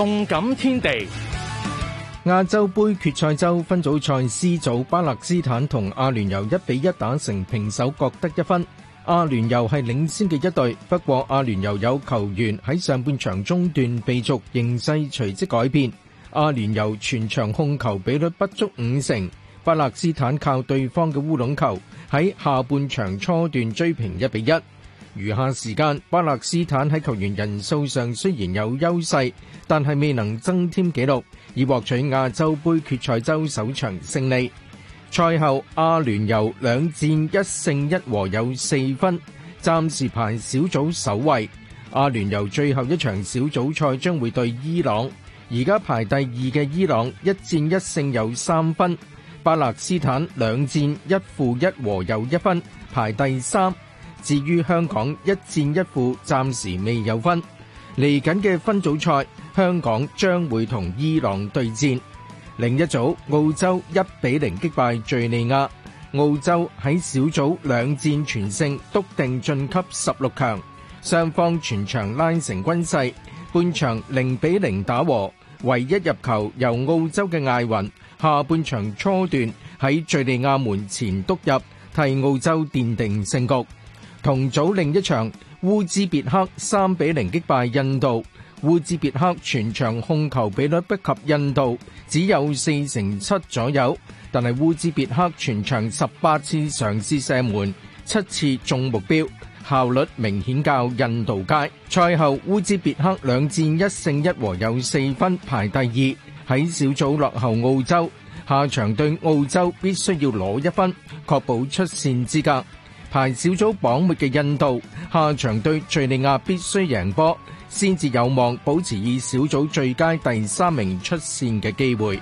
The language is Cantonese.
動感天地，亞洲盃決賽周分組賽 C 組，巴勒斯坦同阿聯酋一比一打成平手，各得一分。阿聯酋係領先嘅一隊，不過阿聯酋有球員喺上半場中段被逐，形勢隨即改變。阿聯酋全場控球比率不足五成，巴勒斯坦靠對方嘅烏龍球喺下半場初段追平一比一。餘下時間，巴勒斯坦喺球員人數上雖然有優勢，但係未能增添紀錄，以獲取亞洲盃決賽周首場勝利。賽後，阿聯酋兩戰一勝一和有四分，暫時排小組首位。阿聯酋最後一場小組賽將會對伊朗。而家排第二嘅伊朗一戰一勝有三分，巴勒斯坦兩戰一負一和有一分，排第三。至於香港一戰一負，暫時未有分。嚟緊嘅分組賽，香港將會同伊朗對戰。另一組澳洲一比零擊敗敍利亞，澳洲喺小組兩戰全勝，篤定晉級十六強。雙方全場拉成均勢，半場零比零打和，唯一入球由澳洲嘅艾雲，下半場初段喺敍利亞門前篤入，替澳洲奠定勝局。同組另一場烏茲別克三比零擊敗印度。烏茲別克全場控球比率不及印度，只有四成七左右。但係烏茲別克全場十八次嘗試射門，七次中目標，效率明顯較印度佳。賽後烏茲別克兩戰一勝一和，有四分排第二，喺小組落後澳洲。下場對澳洲必須要攞一分，確保出線資格。排小組榜末嘅印度，下場對敍利亞必須贏波，先至有望保持以小組最佳第三名出線嘅機會。